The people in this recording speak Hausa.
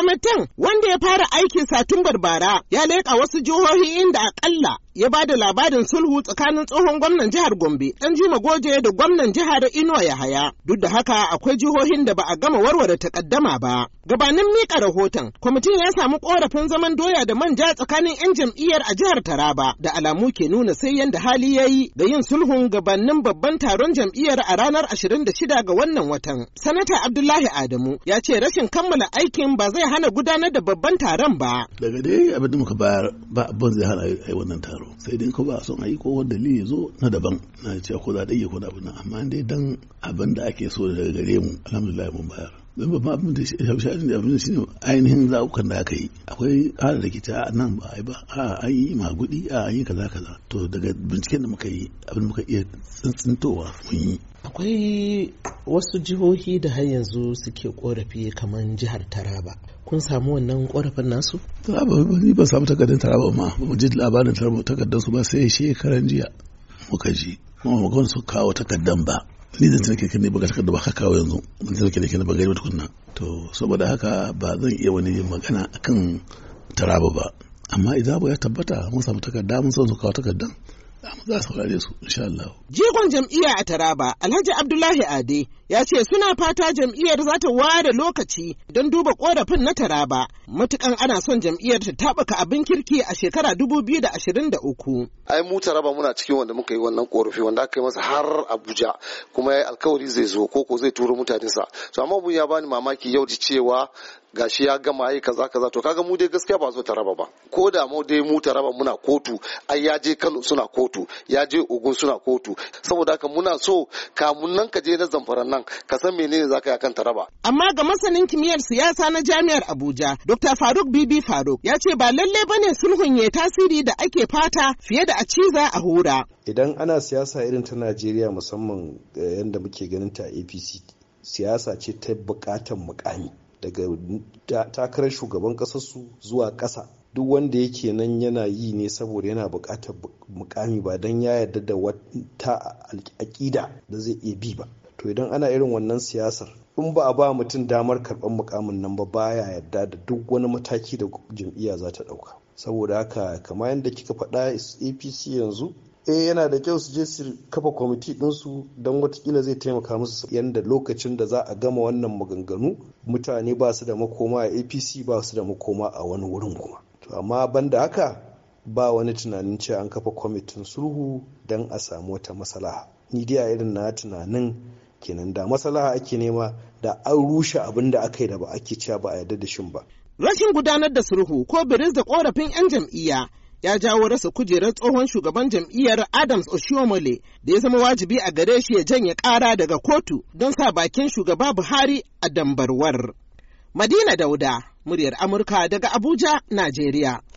Kwamitin wanda ya fara aikin Satumbar bara ya leƙa wasu jihohi inda aƙalla. ya ba da labarin sulhu tsakanin tsohon gwamnan jihar Gombe ɗan Juma Goje da gwamnan jihar Inuwa Yahaya. Duk da haka akwai jihohin da ba a gama warware takaddama ba. Gabanin mika rahoton, kwamitin ya samu korafin zaman doya da manja tsakanin 'yan jam'iyyar a jihar Taraba da alamu ke nuna sai yadda hali ya yi da yin sulhun gabanin babban taron jam'iyyar a ranar 26 ga wannan watan. Sanata Abdullahi Adamu ya ce rashin kammala aikin ba zai hana gudanar da babban taron ba. Daga dai abin da muka bayar ba abin zai hana ai wannan taro. sai dai ko ba son a yi ko wanda dalili zo na daban na cewa ko za ɗage ko da abin amma dai dan abin da ake so daga gare mu alhamdulillah mun bayar don babban abin da shafi da abin shi ne ainihin zaɓukan da aka yi akwai da rikici a nan ba a yi ba a an yi magudi a an yi kaza kaza to daga binciken da muka yi abin muka iya tsintsintowa mun yi akwai wasu jihohi da har yanzu suke korafi kamar jihar taraba kun samu wannan korafin nasu taraba ni ba samu takardar taraba ma ba mu ji labarin taraba takardar su ba sai shekaran jiya muka ji kuma mu su kawo takardar ba ni da tunake kan ne baka takarda ba ka kawo yanzu mun tunake ne kan ba gari tukunna to saboda haka ba zan iya wani magana akan taraba ba amma idan ya tabbata mun samu takarda mun san su kawo takardar za su kula da su insha Allah. Jigon jam'iyya a Taraba Alhaji Abdullahi Ade ya ce suna fata jam'iyyar za ta ware lokaci don duba korafin na taraba matukan ana son jam'iyyar ta tabaka abin kirki a shekara 2023. ai mu taraba muna cikin wanda muka yi wannan korafi wanda aka yi masa har abuja kuma ya alkawari zai zo ko ko zai turo mutanensa to amma abun ya bani mamaki yau ji cewa gashi ya gama yi kaza kaza to kaga mu dai gaskiya ba zo taraba ba ko da mu dai mu taraba muna kotu ai ya je Kano suna kotu ya je Ogun suna kotu saboda haka muna so kamun nan ka je na zamfara nan kan ka san menene za ka yi akan taraba. Amma ga masanin kimiyyar siyasa na jami'ar Abuja, Dr. Faruk Bibi Faruk ya ce ba lalle bane sulhun ya tasiri da ake fata fiye da a ciza a hura. Idan ana siyasa irin ta Najeriya musamman eh, yadda muke ganin ta APC siyasa ce ta bukatan mukami daga takarar shugaban su zuwa ƙasa duk wanda yake nan yana yi ne saboda yana buƙatar mukami ba don ya yarda da wata aƙida da zai iya bi ba to idan ana irin wannan siyasar in ba a ba mutum damar karɓar mukamin nan ba baya yarda da duk wani mataki da jam'iyya za ta ɗauka saboda haka kamar yadda kika faɗa apc yanzu e yana da kyau su je su kafa kwamiti ɗinsu don watakila zai taimaka musu yadda lokacin da za a gama wannan maganganu mutane ba su da makoma a apc ba su da makoma a wani wurin kuma to amma banda haka ba wani tunanin cewa an kafa kwamitin sulhu don a samu wata masala ni dai a irin na tunanin kenan da maslaha ake nema da an rushe abin da aka yi da ba ake cewa ba a yarda da shin ba rashin gudanar da sulhu ko biris da korafin 'yan jam'iyya ya jawo rasa kujerar tsohon shugaban jam'iyyar Adams Oshiomole da ya zama wajibi a gare shi ya janye ƙara daga kotu don sa bakin shugaba Buhari a dambarwar. Madina Dauda, muryar Amurka daga Abuja, Najeriya.